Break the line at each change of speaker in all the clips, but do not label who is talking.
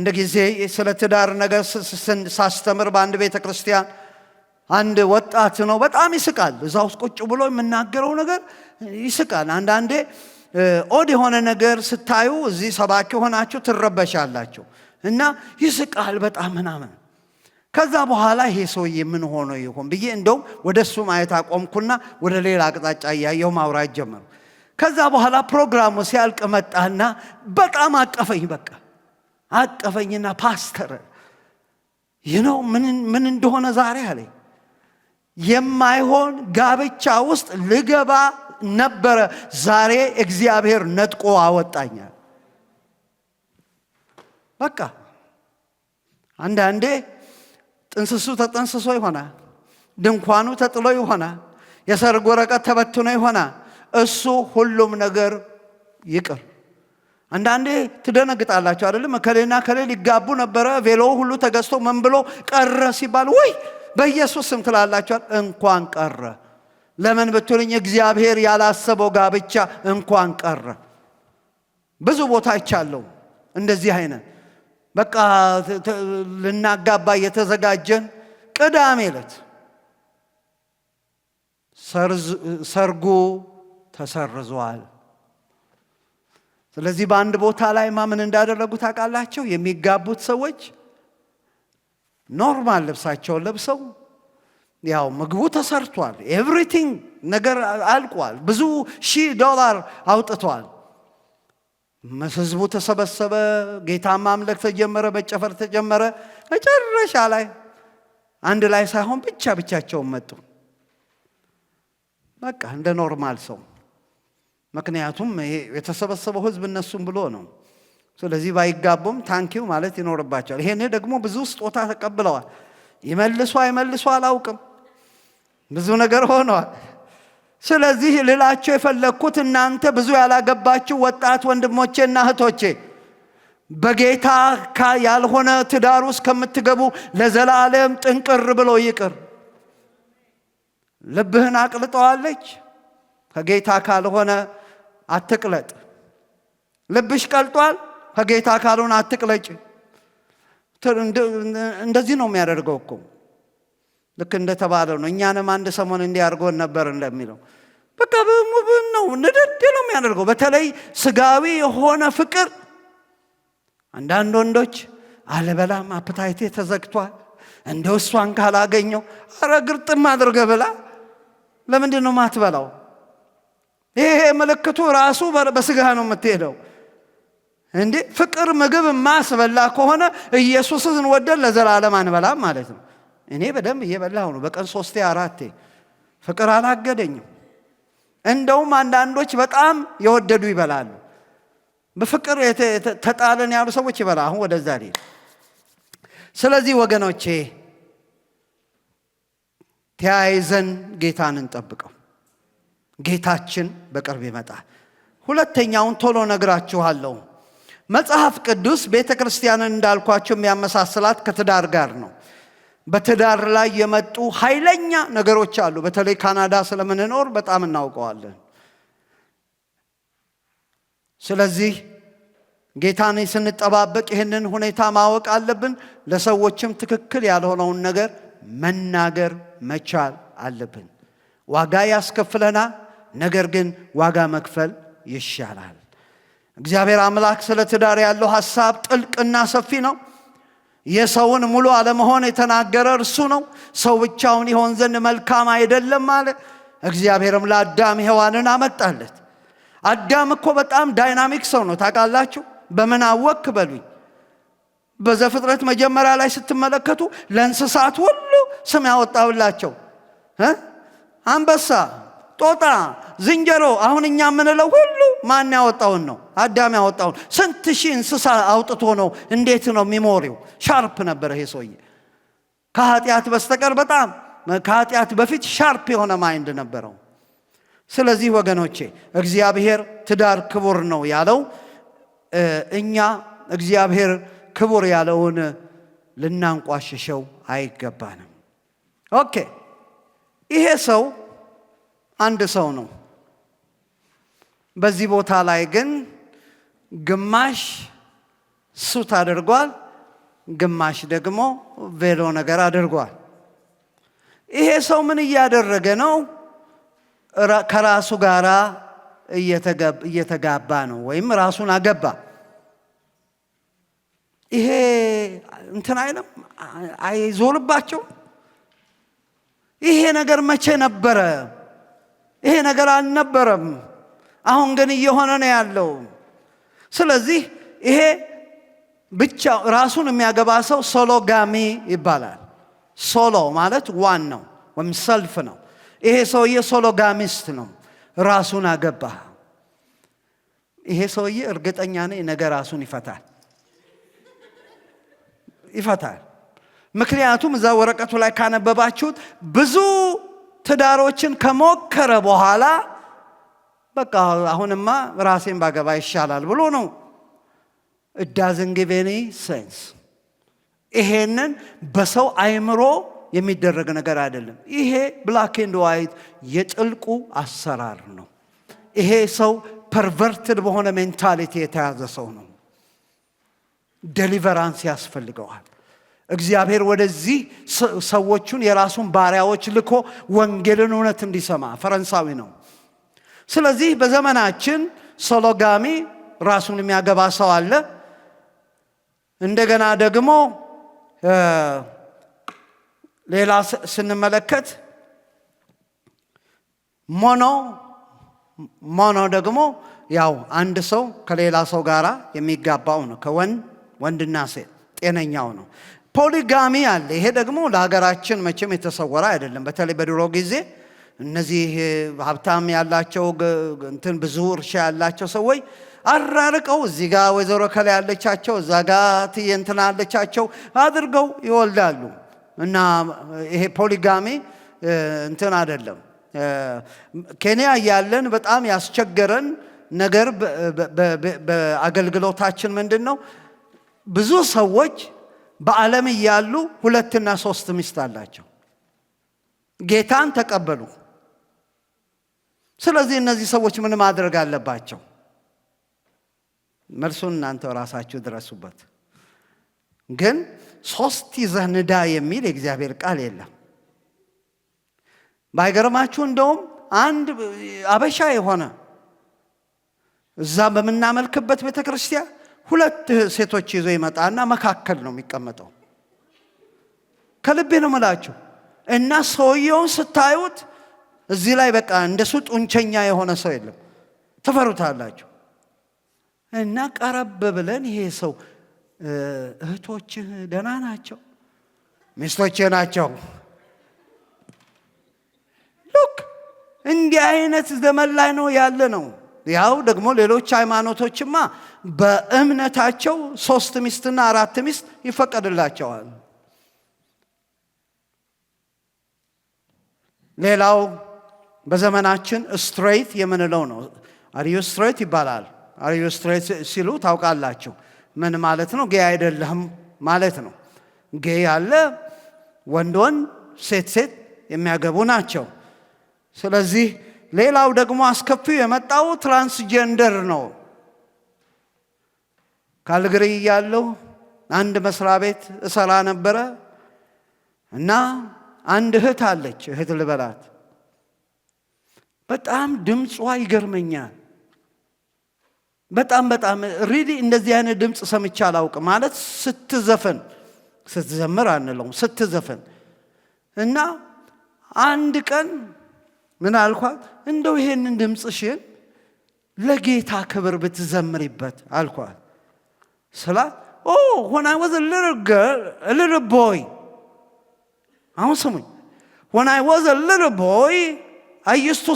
አንድ ጊዜ ስለ ትዳር ነገር ሳስተምር በአንድ ቤተ ክርስቲያን አንድ ወጣት ነው፣ በጣም ይስቃል። እዛ ውስጥ ቁጭ ብሎ የምናገረው ነገር ይስቃል። አንዳንዴ ኦድ የሆነ ነገር ስታዩ እዚህ ሰባኪ ሆናችሁ ትረበሻላችሁ እና ይስቃል በጣም ምናምን። ከዛ በኋላ ይሄ ሰውዬ ምን ሆኖ ይሆን ብዬ እንደውም ወደ እሱ ማየት አቆምኩና ወደ ሌላ አቅጣጫ እያየው ማውራት ጀመሩ። ከዛ በኋላ ፕሮግራሙ ሲያልቅ መጣና በጣም አቀፈኝ በቃ አቀፈኝና ፓስተር ይነው ምን እንደሆነ ዛሬ አለ የማይሆን ጋብቻ ውስጥ ልገባ ነበረ። ዛሬ እግዚአብሔር ነጥቆ አወጣኛል። በቃ አንዳንዴ ጥንስሱ ተጠንስሶ ይሆናል። ድንኳኑ ተጥሎ ይሆና የሰርግ ወረቀት ተበትኖ ይሆና እሱ ሁሉም ነገር ይቅር አንዳንዴ ትደነግጣላቸው አይደለም? ከሌና ከሌል ሊጋቡ ነበረ፣ ቬሎ ሁሉ ተገዝቶ ምን ብሎ ቀረ ሲባል ወይ በኢየሱስ ስም ትላላቸዋል እንኳን ቀረ። ለምን ብትሉኝ እግዚአብሔር ያላሰበው ጋብቻ እንኳን ቀረ። ብዙ ቦታ ይቻለው እንደዚህ አይነት በቃ ልናጋባ እየተዘጋጀን ቅዳሜ ዕለት ሰርጉ ተሰርዟል። ስለዚህ በአንድ ቦታ ላይ ማ ምን እንዳደረጉ ታውቃላቸው? የሚጋቡት ሰዎች ኖርማል ልብሳቸውን ለብሰው ያው ምግቡ ተሰርቷል፣ ኤቭሪቲንግ ነገር አልቋል። ብዙ ሺህ ዶላር አውጥቷል። ህዝቡ ተሰበሰበ፣ ጌታ ማምለክ ተጀመረ፣ መጨፈር ተጀመረ። መጨረሻ ላይ አንድ ላይ ሳይሆን ብቻ ብቻቸውን መጡ። በቃ እንደ ኖርማል ሰው ምክንያቱም የተሰበሰበው ህዝብ እነሱም ብሎ ነው። ስለዚህ ባይጋቡም ታንኪው ማለት ይኖርባቸዋል። ይሄን ደግሞ ብዙ ስጦታ ተቀብለዋል። ይመልሱ አይመልሱ አላውቅም፣ ብዙ ነገር ሆነዋል። ስለዚህ ልላቸው የፈለግኩት እናንተ ብዙ ያላገባችሁ ወጣት ወንድሞቼና እህቶቼ በጌታ ያልሆነ ትዳር ውስጥ ከምትገቡ ለዘላለም ጥንቅር ብሎ ይቅር። ልብህን አቅልጠዋለች ከጌታ ካልሆነ አትቅለጥ። ልብሽ ቀልጧል፣ ከጌታ ካልሆነ አትቅለጭ። እንደዚህ ነው የሚያደርገው እኮ ልክ እንደተባለው ነው። እኛንም አንድ ሰሞን እንዲህ አድርጎን ነበር እንደሚለው በቃ በሙብን ነው ንድድ ነው የሚያደርገው። በተለይ ስጋዊ የሆነ ፍቅር አንዳንድ ወንዶች አለበላም፣ አፕታይቴ ተዘግቷል፣ እንደው እሷን ካላገኘው፣ አረ ግርጥም አድርገ ብላ ለምንድን ነው ማትበላው? ይሄ ምልክቱ ራሱ በስጋ ነው የምትሄደው። እንዴ ፍቅር ምግብ ማስበላ ከሆነ ኢየሱስን ወደን ለዘላለም አንበላም ማለት ነው። እኔ በደንብ እየበላሁ ነው፣ በቀን ሶስቴ አራቴ። ፍቅር አላገደኝም። እንደውም አንዳንዶች በጣም የወደዱ ይበላሉ። በፍቅር ተጣለን ያሉ ሰዎች ይበላ። አሁን ወደዛ ሊል። ስለዚህ ወገኖቼ ተያይዘን ጌታን እንጠብቀው። ጌታችን በቅርብ ይመጣል። ሁለተኛውን ቶሎ ነግራችኋለሁ። መጽሐፍ ቅዱስ ቤተ ክርስቲያንን እንዳልኳቸው የሚያመሳስላት ከትዳር ጋር ነው። በትዳር ላይ የመጡ ኃይለኛ ነገሮች አሉ። በተለይ ካናዳ ስለምንኖር በጣም እናውቀዋለን። ስለዚህ ጌታን ስንጠባበቅ ይህንን ሁኔታ ማወቅ አለብን። ለሰዎችም ትክክል ያልሆነውን ነገር መናገር መቻል አለብን። ዋጋ ያስከፍለናል። ነገር ግን ዋጋ መክፈል ይሻላል። እግዚአብሔር አምላክ ስለ ትዳር ያለው ሐሳብ ጥልቅና ሰፊ ነው። የሰውን ሙሉ አለመሆን የተናገረ እርሱ ነው። ሰው ብቻውን ይሆን ዘንድ መልካም አይደለም አለ። እግዚአብሔርም ለአዳም ሔዋንን አመጣለት። አዳም እኮ በጣም ዳይናሚክ ሰው ነው ታቃላችሁ በምን አወክ በሉኝ። በዘፍጥረት መጀመሪያ ላይ ስትመለከቱ ለእንስሳት ሁሉ ስም ያወጣውላቸው አንበሳ ጦጣ፣ ዝንጀሮ አሁን እኛ የምንለው ሁሉ ማን ያወጣውን ነው? አዳም ያወጣውን። ስንት ሺህ እንስሳ አውጥቶ ነው። እንዴት ነው ሚሞሪው? ሻርፕ ነበረ ይሄ ሰውዬ ከኃጢአት በስተቀር በጣም ከኃጢአት በፊት ሻርፕ የሆነ ማይንድ ነበረው። ስለዚህ ወገኖቼ እግዚአብሔር ትዳር ክቡር ነው ያለው እኛ እግዚአብሔር ክቡር ያለውን ልናንቋሽሸው አይገባንም። ኦኬ ይሄ ሰው አንድ ሰው ነው። በዚህ ቦታ ላይ ግን ግማሽ ሱት አድርጓል፣ ግማሽ ደግሞ ቬሎ ነገር አድርጓል። ይሄ ሰው ምን እያደረገ ነው? ከራሱ ጋር እየተጋባ ነው፣ ወይም ራሱን አገባ። ይሄ እንትን አይለም አይዞርባቸው። ይሄ ነገር መቼ ነበረ? ይሄ ነገር አልነበረም። አሁን ግን እየሆነ ነው ያለው። ስለዚህ ይሄ ብቻ ራሱን የሚያገባ ሰው ሶሎ ጋሚ ይባላል። ሶሎ ማለት ዋን ነው ወይም ሰልፍ ነው። ይሄ ሰውዬ ጋሚስት ነው፣ ራሱን አገባ። ይሄ ሰውዬ እርግጠኛ ነኝ ነገ ራሱን ይፈታል ይፈታል። ምክንያቱም እዛ ወረቀቱ ላይ ካነበባችሁት ብዙ ትዳሮችን ከሞከረ በኋላ በቃ አሁንማ ራሴን ባገባ ይሻላል ብሎ ነው። እዳዝን ጊቭ ሴንስ። ይሄንን በሰው አይምሮ የሚደረግ ነገር አይደለም። ይሄ ብላክ ኤንድ ዋይት የጥልቁ አሰራር ነው። ይሄ ሰው ፐርቨርትድ በሆነ ሜንታሊቲ የተያዘ ሰው ነው። ደሊቨራንስ ያስፈልገዋል። እግዚአብሔር ወደዚህ ሰዎቹን የራሱን ባሪያዎች ልኮ ወንጌልን እውነት እንዲሰማ ፈረንሳዊ ነው። ስለዚህ በዘመናችን ሶሎጋሚ ራሱን የሚያገባ ሰው አለ። እንደገና ደግሞ ሌላ ስንመለከት ሞኖ ሞኖ ደግሞ ያው አንድ ሰው ከሌላ ሰው ጋር የሚጋባው ነው። ከወንድ ወንድና ሴት ጤነኛው ነው። ፖሊጋሚ አለ። ይሄ ደግሞ ለሀገራችን መቼም የተሰወረ አይደለም። በተለይ በድሮ ጊዜ እነዚህ ሀብታም ያላቸው እንትን ብዙ እርሻ ያላቸው ሰዎች አራርቀው እዚህ ጋር ወይዘሮ ከላይ ያለቻቸው እዛ ጋ ትዬ ያለቻቸው አድርገው ይወልዳሉ። እና ይሄ ፖሊጋሚ እንትን አይደለም። ኬንያ እያለን በጣም ያስቸገረን ነገር በአገልግሎታችን ምንድን ነው ብዙ ሰዎች በዓለም እያሉ ሁለትና ሶስት ሚስት አላቸው። ጌታን ተቀበሉ። ስለዚህ እነዚህ ሰዎች ምን ማድረግ አለባቸው? መልሱን እናንተ ራሳችሁ ድረሱበት። ግን ሶስት ይዘህ ንዳ የሚል የእግዚአብሔር ቃል የለም። ባይገርማችሁ እንደውም አንድ አበሻ የሆነ እዛ በምናመልክበት ቤተ ክርስቲያን ሁለት ሴቶች ይዞ ይመጣና መካከል ነው የሚቀመጠው። ከልቤ ነው ምላችሁ እና ሰውየውን ስታዩት እዚህ ላይ በቃ እንደሱ ጡንቸኛ የሆነ ሰው የለም፣ ትፈሩታላችሁ። እና ቀረብ ብለን ይሄ ሰው እህቶችህ ደህና ናቸው? ሚስቶቼ ናቸው። ሉክ እንዲህ አይነት ዘመን ላይ ነው ያለ ነው። ያው ደግሞ ሌሎች ሃይማኖቶችማ በእምነታቸው ሶስት ሚስትና አራት ሚስት ይፈቀድላቸዋል። ሌላው በዘመናችን ስትሬት የምንለው ነው። አርዩ ስትሬት ይባላል። አርዩ ስትሬት ሲሉ ታውቃላችሁ ምን ማለት ነው? ጌይ አይደለህም ማለት ነው። ጌይ ያለ ወንድ ወንድ ሴት ሴት የሚያገቡ ናቸው። ስለዚህ ሌላው ደግሞ አስከፊው የመጣው ትራንስጀንደር ነው። ካልግሪ እያለሁ አንድ መስሪያ ቤት እሰራ ነበረ እና አንድ እህት አለች፣ እህት ልበላት። በጣም ድምጿ ይገርመኛል። በጣም በጣም ሪሊ እንደዚህ አይነት ድምፅ ሰምቼ አላውቅም። ማለት ስትዘፈን ስትዘምር አንለውም ስትዘፈን እና አንድ ቀን ምን አልኳት? እንደው ይሄንን ድምፅሽን ለጌታ ክብር ብትዘምሪበት አልኳት። ስላት ኦ when I was a little አሁን ስሙኝ when I was a little boy, I used to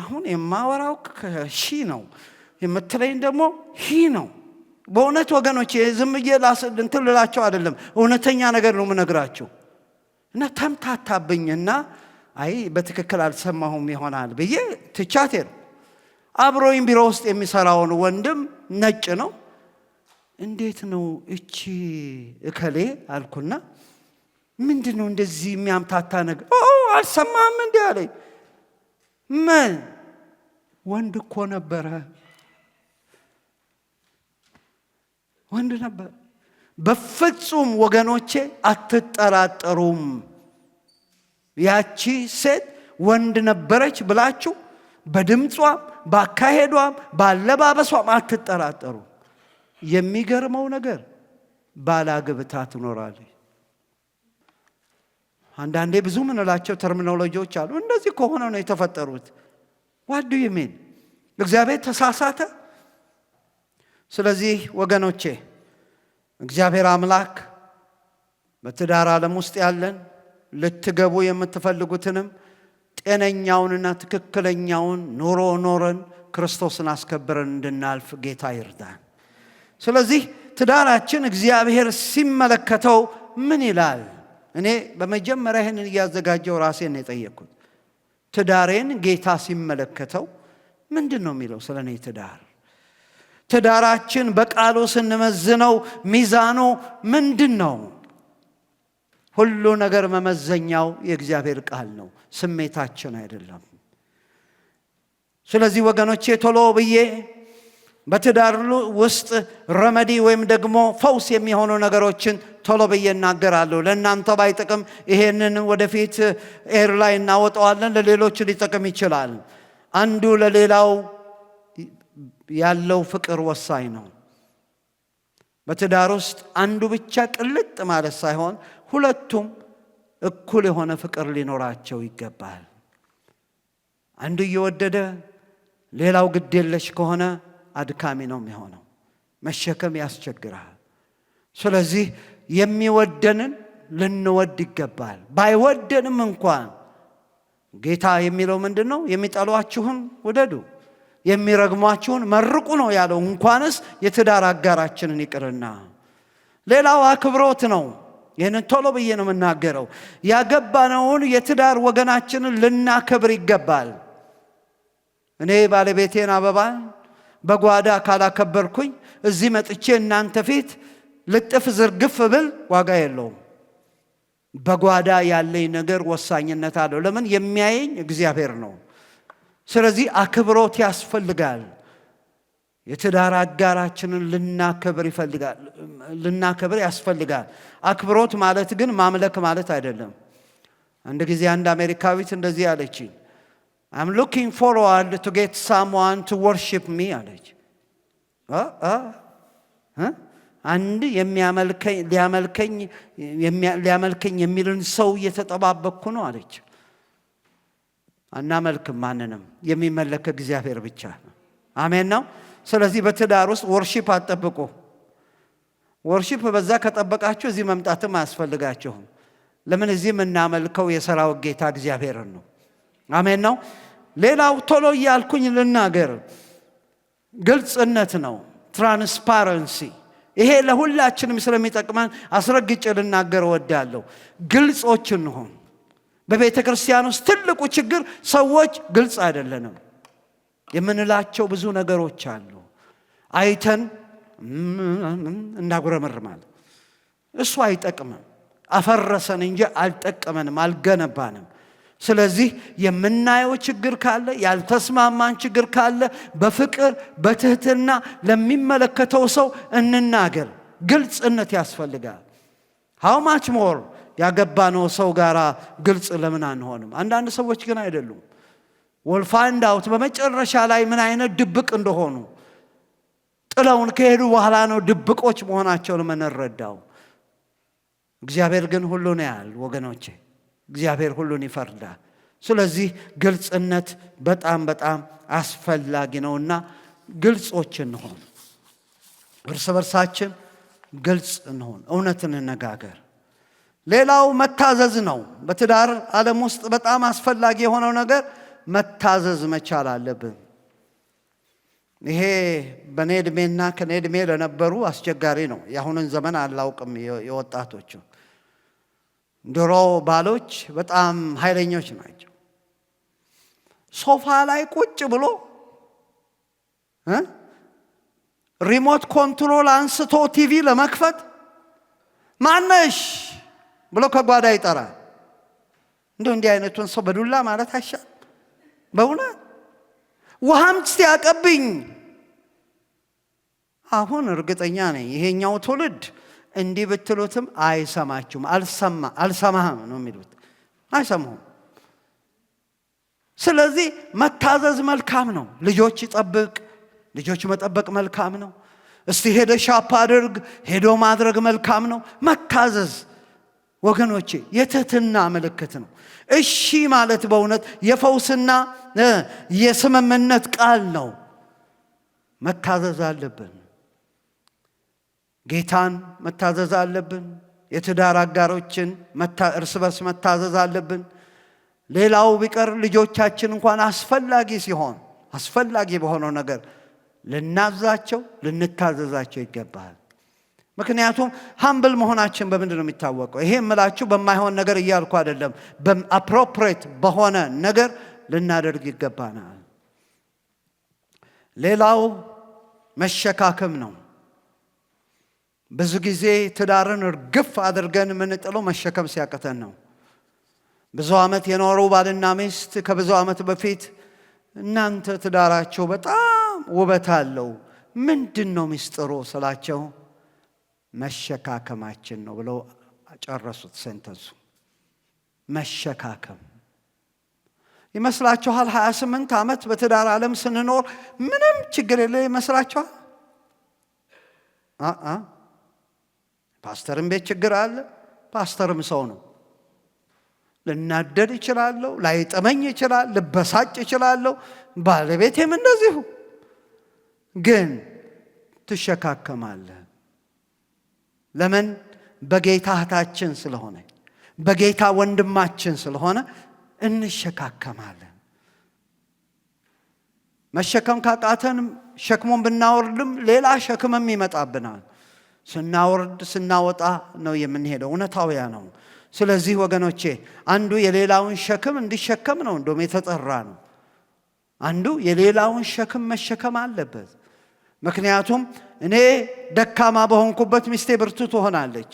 አሁን የማወራው ከሺ ነው የምትለይን ደግሞ ሂ ነው። በእውነት ወገኖች ዝም ብዬ እንትልላቸው አይደለም፣ እውነተኛ ነገር ነው የምነግራቸው። እና ተምታታብኝና አይ በትክክል አልሰማሁም ይሆናል ብዬ ትቻቴ ነው። አብሮኝ ቢሮ ውስጥ የሚሰራውን ወንድም ነጭ ነው። እንዴት ነው እቺ እከሌ አልኩና ምንድን ነው እንደዚህ የሚያምታታ ነገር? አልሰማም እንዲህ አለኝ። ምን ወንድ እኮ ነበረ፣ ወንድ ነበር? በፍጹም ወገኖቼ አትጠራጠሩም። ያቺ ሴት ወንድ ነበረች ብላችሁ በድምጿም ባካሄዷም ባለባበሷም አትጠራጠሩም። የሚገርመው ነገር ባላግብታ ትኖራለች። አንዳንዴ ብዙ ምንላቸው ተርሚኖሎጂዎች አሉ። እንደዚህ ከሆነ ነው የተፈጠሩት። ዋዱ ይሜን እግዚአብሔር ተሳሳተ። ስለዚህ ወገኖቼ እግዚአብሔር አምላክ በትዳር ዓለም ውስጥ ያለን ልትገቡ የምትፈልጉትንም ጤነኛውንና ትክክለኛውን ኑሮ ኖረን ክርስቶስን አስከብረን እንድናልፍ ጌታ ይርዳን። ስለዚህ ትዳራችን እግዚአብሔር ሲመለከተው ምን ይላል? እኔ በመጀመሪያ ይህንን እያዘጋጀው ራሴን የጠየቅኩት ትዳሬን ጌታ ሲመለከተው ምንድን ነው የሚለው ስለ እኔ ትዳር ትዳራችን በቃሉ ስንመዝነው ሚዛኑ ምንድን ነው? ሁሉ ነገር መመዘኛው የእግዚአብሔር ቃል ነው፣ ስሜታችን አይደለም። ስለዚህ ወገኖቼ ቶሎ ብዬ በትዳር ውስጥ ረመዲ ወይም ደግሞ ፈውስ የሚሆኑ ነገሮችን ቶሎ ብዬ እናገራለሁ። ለእናንተ ባይጥቅም ይሄንን ወደፊት ኤር ላይ እናወጣዋለን። ለሌሎች ሊጠቅም ይችላል። አንዱ ለሌላው ያለው ፍቅር ወሳኝ ነው። በትዳር ውስጥ አንዱ ብቻ ቅልጥ ማለት ሳይሆን ሁለቱም እኩል የሆነ ፍቅር ሊኖራቸው ይገባል። አንዱ እየወደደ ሌላው ግድ የለሽ ከሆነ አድካሚ ነው የሚሆነው፣ መሸከም ያስቸግራል። ስለዚህ የሚወደንን ልንወድ ይገባል። ባይወደንም እንኳን ጌታ የሚለው ምንድን ነው? የሚጠሏችሁን ውደዱ የሚረግሟችሁን መርቁ ነው ያለው። እንኳንስ የትዳር አጋራችንን ይቅርና ሌላው አክብሮት ነው። ይህንን ቶሎ ብዬ ነው የምናገረው። ያገባነውን የትዳር ወገናችንን ልናከብር ይገባል። እኔ ባለቤቴን አበባ በጓዳ ካላከበርኩኝ እዚህ መጥቼ እናንተ ፊት ልጥፍ ዝርግፍ ብል ዋጋ የለውም። በጓዳ ያለኝ ነገር ወሳኝነት አለው። ለምን? የሚያየኝ እግዚአብሔር ነው። ስለዚህ አክብሮት ያስፈልጋል። የትዳር አጋራችንን ልናከብር ይፈልጋል ልናከብር ያስፈልጋል። አክብሮት ማለት ግን ማምለክ ማለት አይደለም። አንድ ጊዜ አንድ አሜሪካዊት እንደዚህ አለች፣ አም ሉኪንግ ፎርዋርድ ቱ ጌት ሳምዋን ቱ ወርሺፕ ሚ አለች። አንድ ሊያመልከኝ የሚልን ሰው እየተጠባበቅኩ ነው አለች። አናመልክም። ማንንም የሚመለክ እግዚአብሔር ብቻ አሜን ነው። ስለዚህ በትዳር ውስጥ ወርሺፕ አጠብቁ ወርሺፕ በዛ ከጠበቃችሁ እዚህ መምጣትም አያስፈልጋችሁም። ለምን እዚህ የምናመልከው የሰራዊት ጌታ እግዚአብሔርን ነው። አሜን ነው። ሌላው ቶሎ እያልኩኝ ልናገር፣ ግልጽነት ነው፣ ትራንስፓረንሲ። ይሄ ለሁላችንም ስለሚጠቅመን አስረግጭ ልናገር እወዳለሁ። ግልጾች እንሆን በቤተ ክርስቲያን ውስጥ ትልቁ ችግር ሰዎች ግልጽ አይደለንም የምንላቸው ብዙ ነገሮች አሉ። አይተን እናጉረመርማል። እሱ አይጠቅምም። አፈረሰን እንጂ አልጠቀመንም፣ አልገነባንም። ስለዚህ የምናየው ችግር ካለ ያልተስማማን ችግር ካለ በፍቅር በትህትና ለሚመለከተው ሰው እንናገር። ግልጽነት ያስፈልጋል። ሃው ማች ሞር ያገባነው ሰው ጋር ግልጽ ለምን አንሆንም? አንዳንድ ሰዎች ግን አይደሉም። ወልፋንድ አውት በመጨረሻ ላይ ምን አይነት ድብቅ እንደሆኑ ጥለውን ከሄዱ በኋላ ነው ድብቆች መሆናቸውን የምንረዳው። እግዚአብሔር ግን ሁሉን ያያል ወገኖቼ፣ እግዚአብሔር ሁሉን ይፈርዳል። ስለዚህ ግልጽነት በጣም በጣም አስፈላጊ ነውና ግልጾች እንሆን፣ እርስ በርሳችን ግልጽ እንሆን፣ እውነትን እንነጋገር። ሌላው መታዘዝ ነው። በትዳር ዓለም ውስጥ በጣም አስፈላጊ የሆነው ነገር መታዘዝ መቻል አለብን። ይሄ በኔ ከኔድሜ ለነበሩ አስቸጋሪ ነው። የአሁንን ዘመን አላውቅም። የወጣቶቹ ድሮ ባሎች በጣም ኃይለኞች ናቸው። ሶፋ ላይ ቁጭ ብሎ ሪሞት ኮንትሮል አንስቶ ቲቪ ለመክፈት ማነሽ ብሎ ከጓዳ ይጠራል። እንደው እንዲህ አይነቱን ሰው በዱላ ማለት አይሻል? በእውነት ውሃም ሲያቀብኝ አሁን እርግጠኛ ነኝ ይሄኛው ትውልድ እንዲህ ብትሉትም አይሰማችሁም። አልሰማ አልሰማህም ነው የሚሉት፣ አይሰማሁም። ስለዚህ መታዘዝ መልካም ነው። ልጆች ይጠብቅ፣ ልጆች መጠበቅ መልካም ነው። እስቲ ሄደ ሻፕ አድርግ፣ ሄዶ ማድረግ መልካም ነው። መታዘዝ ወገኖቼ የትህትና ምልክት ነው። እሺ ማለት በእውነት የፈውስና የስምምነት ቃል ነው። መታዘዝ አለብን። ጌታን መታዘዝ አለብን። የትዳር አጋሮችን እርስ በርስ መታዘዝ አለብን። ሌላው ቢቀር ልጆቻችን እንኳን አስፈላጊ ሲሆን አስፈላጊ በሆነው ነገር ልናዛቸው ልንታዘዛቸው ይገባል። ምክንያቱም ሀምብል መሆናችን በምንድን ነው የሚታወቀው? ይሄ የምላችሁ በማይሆን ነገር እያልኩ አይደለም። በአፕሮፕሬት በሆነ ነገር ልናደርግ ይገባናል። ሌላው መሸካከም ነው። ብዙ ጊዜ ትዳርን እርግፍ አድርገን የምንጥለው መሸከም ሲያቅተን ነው። ብዙ ዓመት የኖሩ ባልና ሚስት ከብዙ ዓመት በፊት እናንተ ትዳራቸው በጣም ውበት አለው፣ ምንድን ነው ሚስጥሩ ስላቸው መሸካከማችን ነው ብለው ጨረሱት ሴንተንሱ። መሸካከም ይመስላችኋል? ሀያ ስምንት ዓመት በትዳር ዓለም ስንኖር ምንም ችግር የለ ይመስላችኋል? ፓስተርም ቤት ችግር አለ። ፓስተርም ሰው ነው። ልናደድ ይችላለሁ፣ ላይጥመኝ ይችላል፣ ልበሳጭ ይችላለሁ። ባለቤቴም እንደዚሁ ግን ትሸካከማለህ። ለምን? በጌታ እህታችን ስለሆነ በጌታ ወንድማችን ስለሆነ እንሸካከማለን። መሸከም ካቃተን ሸክሙን ብናወርድም ሌላ ሸክምም ይመጣብናል። ስናወርድ ስናወጣ ነው የምንሄደው። እውነታው ነው። ስለዚህ ወገኖቼ አንዱ የሌላውን ሸክም እንዲሸከም ነው እንደውም የተጠራ ነው። አንዱ የሌላውን ሸክም መሸከም አለበት። ምክንያቱም እኔ ደካማ በሆንኩበት ሚስቴ ብርቱ ትሆናለች።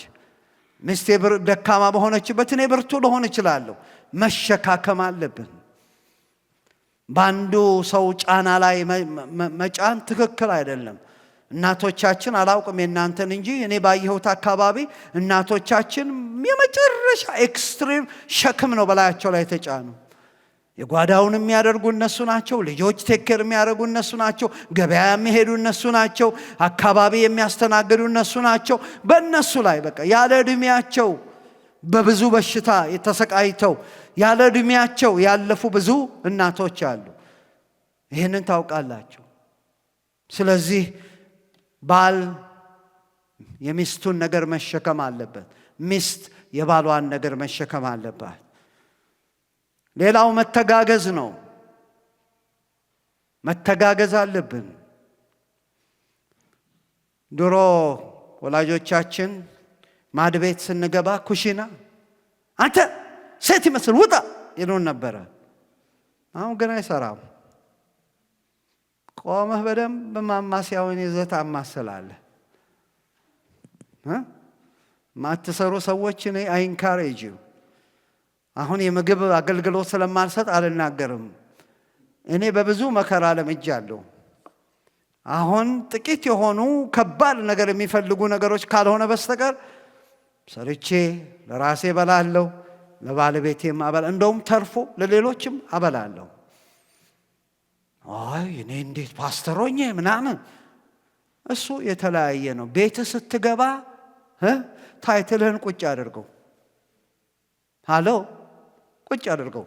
ሚስቴ ደካማ በሆነችበት እኔ ብርቱ ልሆን እችላለሁ። መሸካከም አለብን። በአንዱ ሰው ጫና ላይ መጫን ትክክል አይደለም። እናቶቻችን አላውቅም የእናንተን እንጂ እኔ ባየሁት አካባቢ እናቶቻችን የመጨረሻ ኤክስትሪም ሸክም ነው በላያቸው ላይ ተጫኑ። የጓዳውን የሚያደርጉ እነሱ ናቸው። ልጆች ቴክር የሚያደርጉ እነሱ ናቸው። ገበያ የሚሄዱ እነሱ ናቸው። አካባቢ የሚያስተናግዱ እነሱ ናቸው። በእነሱ ላይ በቃ ያለ ዕድሜያቸው በብዙ በሽታ የተሰቃይተው ያለ ዕድሜያቸው ያለፉ ብዙ እናቶች አሉ። ይህንን ታውቃላችሁ። ስለዚህ ባል የሚስቱን ነገር መሸከም አለበት። ሚስት የባሏን ነገር መሸከም አለባት። ሌላው መተጋገዝ ነው። መተጋገዝ አለብን። ድሮ ወላጆቻችን ማድቤት ስንገባ ኩሽና አንተ ሴት ይመስል ውጣ ይሉን ነበረ። አሁን ግን አይሰራም። ቆመህ በደንብ ማማስያውን ይዘት አማስላለህ። ማትሰሩ ሰዎች እኔ አይንካሬጅ አሁን የምግብ አገልግሎት ስለማልሰጥ አልናገርም። እኔ በብዙ መከራ ለምጃለሁ። አሁን ጥቂት የሆኑ ከባድ ነገር የሚፈልጉ ነገሮች ካልሆነ በስተቀር ሰርቼ ለራሴ በላለሁ፣ ለባለቤቴም አበላ እንደውም ተርፎ ለሌሎችም አበላለሁ። አይ እኔ እንዴት ፓስተሮኝ ምናምን እሱ የተለያየ ነው። ቤት ስትገባ ታይትልህን ቁጭ አድርገው። ሃሎ ቁጭ አድርገው።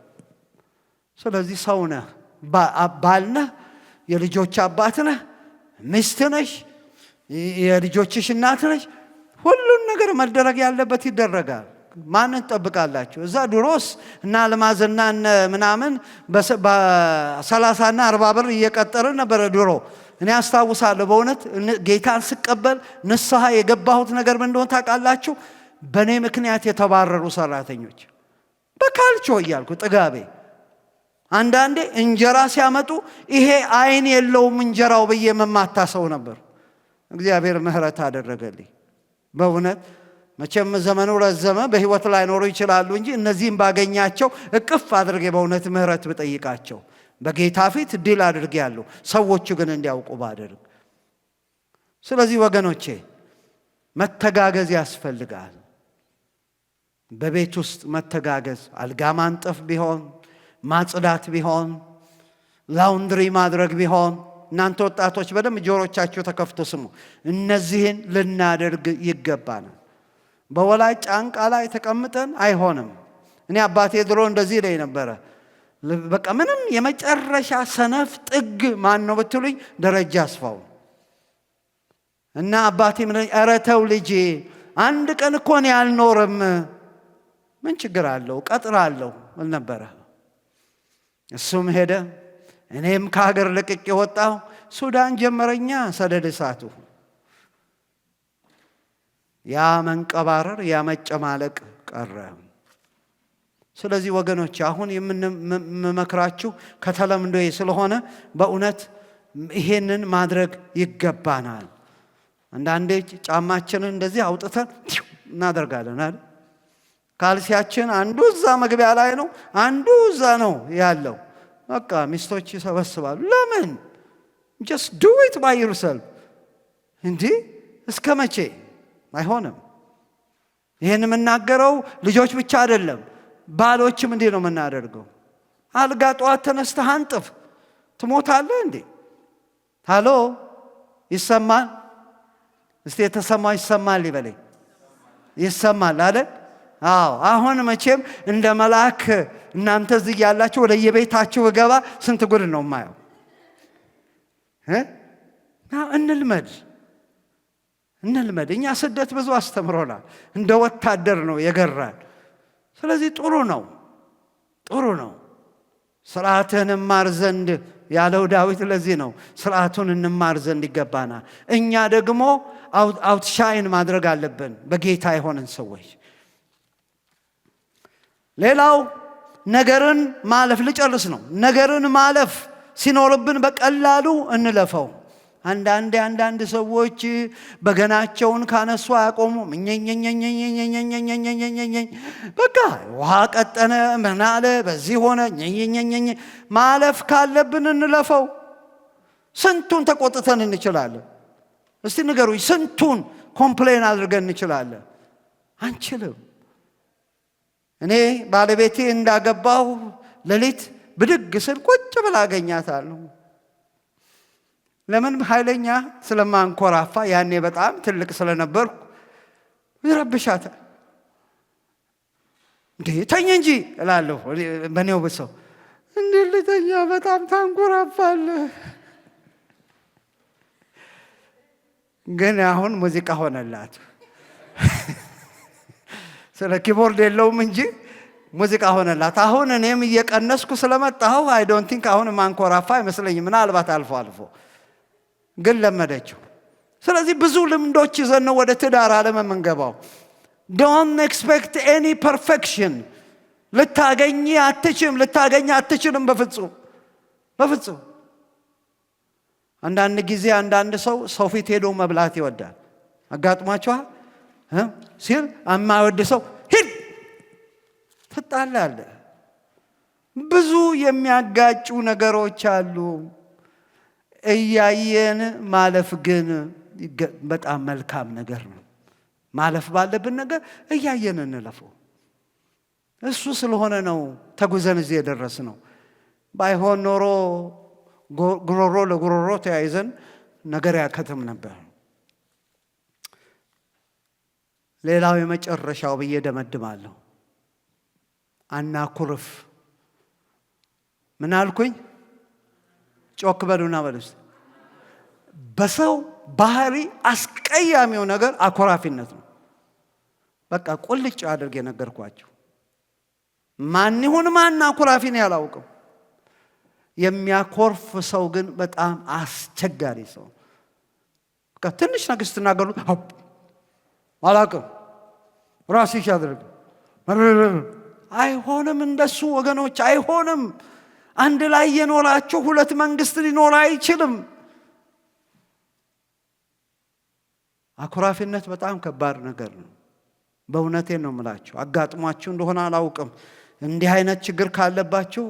ስለዚህ ሰው ነህ፣ ባል ነህ፣ የልጆች አባት ነህ፣ ሚስት ነሽ፣ የልጆችሽ እናት ነሽ። ሁሉን ነገር መደረግ ያለበት ይደረጋል። ማንን ትጠብቃላችሁ? እዛ ድሮስ እና አልማዝና ምናምን በሰላሳና አርባ ብር እየቀጠርን ነበረ ድሮ። እኔ አስታውሳለሁ በእውነት ጌታን ስቀበል ንስሐ የገባሁት ነገር ምን እንደሆነ ታውቃላችሁ? በእኔ ምክንያት የተባረሩ ሰራተኞች በካልቾ እያልኩ ጥጋቤ አንዳንዴ እንጀራ ሲያመጡ ይሄ አይን የለውም እንጀራው ብዬ መማታ ሰው ነበር። እግዚአብሔር ምሕረት አደረገልኝ በእውነት መቼም ዘመኑ ረዘመ፣ ላይ ላይኖሩ ይችላሉ እንጂ እነዚህም ባገኛቸው እቅፍ አድርጌ በእውነት ምሕረት ብጠይቃቸው በጌታ ፊት ድል ያለሁ ሰዎቹ ግን እንዲያውቁ ባደርግ። ስለዚህ ወገኖቼ መተጋገዝ ያስፈልጋል። በቤት ውስጥ መተጋገዝ፣ አልጋ ማንጠፍ ቢሆን፣ ማጽዳት ቢሆን፣ ላውንድሪ ማድረግ ቢሆን፣ እናንተ ወጣቶች በደንብ ጆሮቻችሁ ተከፍቶ ስሙ። እነዚህን ልናደርግ ይገባናል። በወላጅ ጫንቃ ላይ ተቀምጠን አይሆንም። እኔ አባቴ ድሮ እንደዚህ ላይ ነበረ። በቃ ምንም የመጨረሻ ሰነፍ ጥግ ማን ነው ብትሉኝ፣ ደረጃ አስፋው እና አባቴ ምን ኧረ ተው ልጄ አንድ ቀን እኮን ያልኖርም ምን ችግር አለው ቀጥራለሁ አለው ነበረ። እሱም ሄደ። እኔም ከሀገር ልቅቅ ወጣሁ። ሱዳን ጀመረኛ ሰደድ እሳቱ። ያ መንቀባረር፣ ያ መጨማለቅ ቀረ። ስለዚህ ወገኖች አሁን የምመክራችሁ ከተለምዶ ስለሆነ በእውነት ይሄንን ማድረግ ይገባናል። አንዳንዴ ጫማችንን እንደዚህ አውጥተን እናደርጋለን አይደል ካልሲያችን አንዱ እዛ መግቢያ ላይ ነው፣ አንዱ እዛ ነው ያለው። በቃ ሚስቶች ይሰበስባሉ። ለምን ጀስት ዱ ኢት ባይ ዩርሰልፍ። እንዲህ እስከ መቼ አይሆንም። ይህን የምናገረው ልጆች ብቻ አይደለም፣ ባሎችም እንዲህ ነው የምናደርገው። አልጋ ጠዋት ተነስተህ አንጥፍ፣ ትሞታለህ እንዴ? ሃሎ ይሰማል። እስቲ የተሰማው ይሰማል ይበለኝ። ይሰማል አለ አዎ አሁን መቼም እንደ መልአክ እናንተ እዚህ ያላችሁ ወደ የቤታችሁ እገባ ስንት ጉድ ነው ማየው። እንልመድ እንልመድ። እኛ ስደት ብዙ አስተምሮናል። እንደ ወታደር ነው የገራል። ስለዚህ ጥሩ ነው ጥሩ ነው። ስርዓትህን እማር ዘንድ ያለው ዳዊት ለዚህ ነው። ስርዓቱን እንማር ዘንድ ይገባናል። እኛ ደግሞ አውትሻይን ማድረግ አለብን በጌታ የሆንን ሰዎች ሌላው ነገርን ማለፍ ልጨርስ ነው። ነገርን ማለፍ ሲኖርብን በቀላሉ እንለፈው። አንዳንድ አንዳንድ ሰዎች በገናቸውን ካነሱ አያቆሙም። በቃ ውሃ ቀጠነ፣ ምን አለ፣ በዚህ ሆነ። ማለፍ ካለብን እንለፈው። ስንቱን ተቆጥተን እንችላለን? እስቲ ንገሩኝ፣ ስንቱን ኮምፕሌን አድርገን እንችላለን? አንችልም። እኔ ባለቤቴ እንዳገባው ሌሊት ብድግ ስል ቁጭ ብላ አገኛታለሁ። ለምን ኃይለኛ ስለማንኮራፋ ያኔ በጣም ትልቅ ስለነበርኩ ይረብሻታል። እንዴ ተኝ እንጂ እላለሁ። በኔው ብሰው እንዴ ልተኛ በጣም ታንኮራፋለ ግን አሁን ሙዚቃ ሆነላት። ስለ ኪቦርድ የለውም እንጂ ሙዚቃ ሆነላት። አሁን እኔም እየቀነስኩ ስለመጣሁ አይ ዶንት ቲንክ አሁን ማንኮራፋ አይመስለኝም። ምናልባት አልፎ አልፎ ግን ለመደችው። ስለዚህ ብዙ ልምዶች ይዘን ነው ወደ ትዳር አለም የምንገባው። ዶንት ኤክስፔክት ኤኒ ፐርፌክሽን። ልታገኝ አትችም፣ ልታገኝ አትችልም። በፍጹም በፍጹም። አንዳንድ ጊዜ አንዳንድ ሰው ሰው ፊት ሄዶ መብላት ይወዳል። አጋጥሟችኋል? ሲል አማወድ ሰው ሂድ ትጣላለህ። ብዙ የሚያጋጩ ነገሮች አሉ። እያየን ማለፍ ግን በጣም መልካም ነገር ነው። ማለፍ ባለብን ነገር እያየን እንለፈው። እሱ ስለሆነ ነው ተጉዘን እዚህ የደረስ ነው። ባይሆን ኖሮ ጉሮሮ ለጉሮሮ ተያይዘን ነገር ያከትም ነበር። ሌላው የመጨረሻው ብዬ ደመድማለሁ። አናኩርፍ። ምን አልኩኝ? ጮክ በሉና በሉስ። በሰው ባህሪ አስቀያሚው ነገር አኮራፊነት ነው። በቃ ቁልጭ አድርጌ የነገርኳቸው ማን ይሁን ማን አኩራፊ ነው ያላውቅም። የሚያኮርፍ ሰው ግን በጣም አስቸጋሪ ሰው። ትንሽ ነገር ስትናገሩት አላቅም ራስሽ ሲያደርግ አይሆንም፣ እንደሱ ወገኖች አይሆንም። አንድ ላይ የኖራችሁ ሁለት መንግስት ሊኖር አይችልም። አኩራፊነት በጣም ከባድ ነገር ነው። በእውነቴ ነው የምላችሁ። አጋጥሟችሁ እንደሆነ አላውቅም። እንዲህ አይነት ችግር ካለባችሁ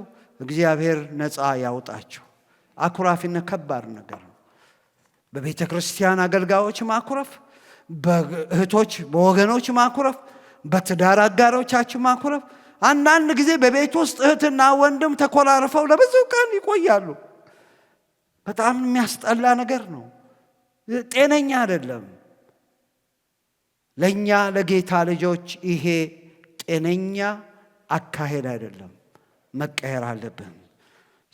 እግዚአብሔር ነፃ ያውጣችሁ። አኩራፊነት ከባድ ነገር ነው። በቤተ ክርስቲያን አገልጋዮች ማኩረፍ በእህቶች በወገኖች ማኩረፍ፣ በትዳር አጋሮቻችን ማኩረፍ። አንዳንድ ጊዜ በቤት ውስጥ እህትና ወንድም ተኮራርፈው ለብዙ ቀን ይቆያሉ። በጣም የሚያስጠላ ነገር ነው። ጤነኛ አይደለም። ለእኛ ለጌታ ልጆች ይሄ ጤነኛ አካሄድ አይደለም። መቀየር አለብን።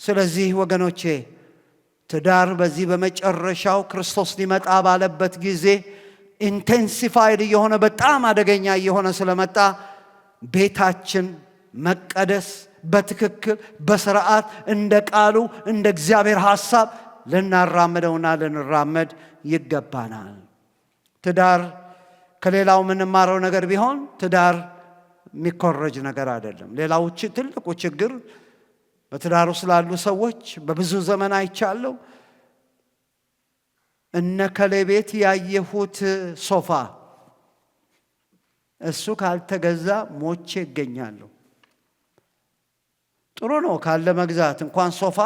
ስለዚህ ወገኖቼ ትዳር በዚህ በመጨረሻው ክርስቶስ ሊመጣ ባለበት ጊዜ ኢንቴንሲፋይድ እየሆነ በጣም አደገኛ እየሆነ ስለመጣ ቤታችን መቀደስ በትክክል በስርዓት እንደ ቃሉ እንደ እግዚአብሔር ሐሳብ ልናራምደውና ልንራመድ ይገባናል። ትዳር ከሌላው የምንማረው ነገር ቢሆን ትዳር የሚኮረጅ ነገር አይደለም። ሌላው ትልቁ ችግር ውስጥ ስላሉ ሰዎች በብዙ ዘመን አይቻለሁ። እነ ከለቤት ያየሁት ሶፋ እሱ ካልተገዛ ሞቼ ይገኛለሁ። ጥሩ ነው ካለ መግዛት እንኳን ሶፋ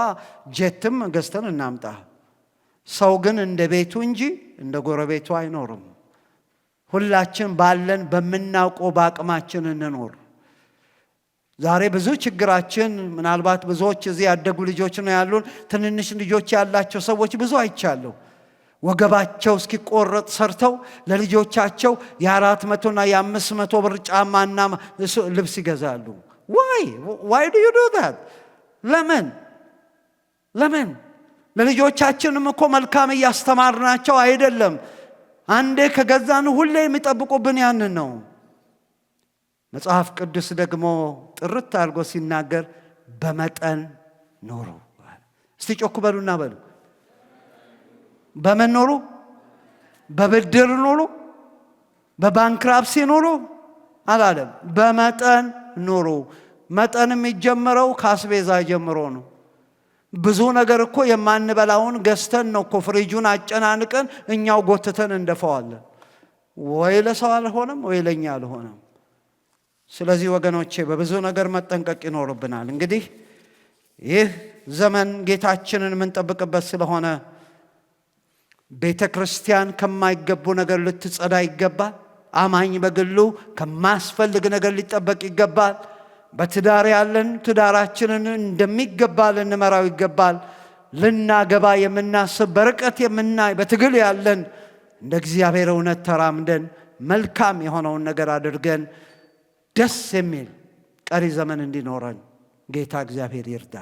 ጀትም ገዝተን እናምጣ። ሰው ግን እንደ ቤቱ እንጂ እንደ ጎረቤቱ አይኖርም። ሁላችን ባለን በምናውቀው በአቅማችን እንኖር። ዛሬ ብዙ ችግራችን ምናልባት ብዙዎች እዚህ ያደጉ ልጆች ነው ያሉን። ትንንሽ ልጆች ያላቸው ሰዎች ብዙ አይቻለሁ። ወገባቸው እስኪቆረጥ ሰርተው ለልጆቻቸው የአራት መቶና የአምስት መቶ ብር ጫማና ልብስ ይገዛሉ። ዋይ ዋይ ዱ ዩ ዱ ዛት? ለምን ለምን? ለልጆቻችንም እኮ መልካም እያስተማርናቸው አይደለም። አንዴ ከገዛን ሁሌ የሚጠብቁብን ያንን ነው። መጽሐፍ ቅዱስ ደግሞ ጥርት አድርጎ ሲናገር በመጠን ኑሩ። እስቲ ጮክ በሉና በሉ በምን ኖሩ? በብድር ኖሩ? በባንክራፕሲ ኖሩ? አላለም። በመጠን ኖሩ። መጠን የሚጀምረው ከአስቤዛ ጀምሮ ነው። ብዙ ነገር እኮ የማንበላውን ገዝተን ነው እኮ ፍሪጁን አጨናንቀን እኛው ጎትተን እንደፈዋለን። ወይ ለሰው አልሆነም፣ ወይ ለእኛ አልሆነም። ስለዚህ ወገኖቼ በብዙ ነገር መጠንቀቅ ይኖርብናል። እንግዲህ ይህ ዘመን ጌታችንን የምንጠብቅበት ስለሆነ ቤተ ክርስቲያን ከማይገቡ ነገር ልትጸዳ ይገባል። አማኝ በግሉ ከማስፈልግ ነገር ሊጠበቅ ይገባል። በትዳር ያለን ትዳራችንን እንደሚገባ ልንመራው ይገባል። ልናገባ የምናስብ በርቀት የምናይ በትግል ያለን እንደ እግዚአብሔር እውነት ተራምደን መልካም የሆነውን ነገር አድርገን ደስ የሚል ቀሪ ዘመን እንዲኖረን ጌታ እግዚአብሔር ይርዳ።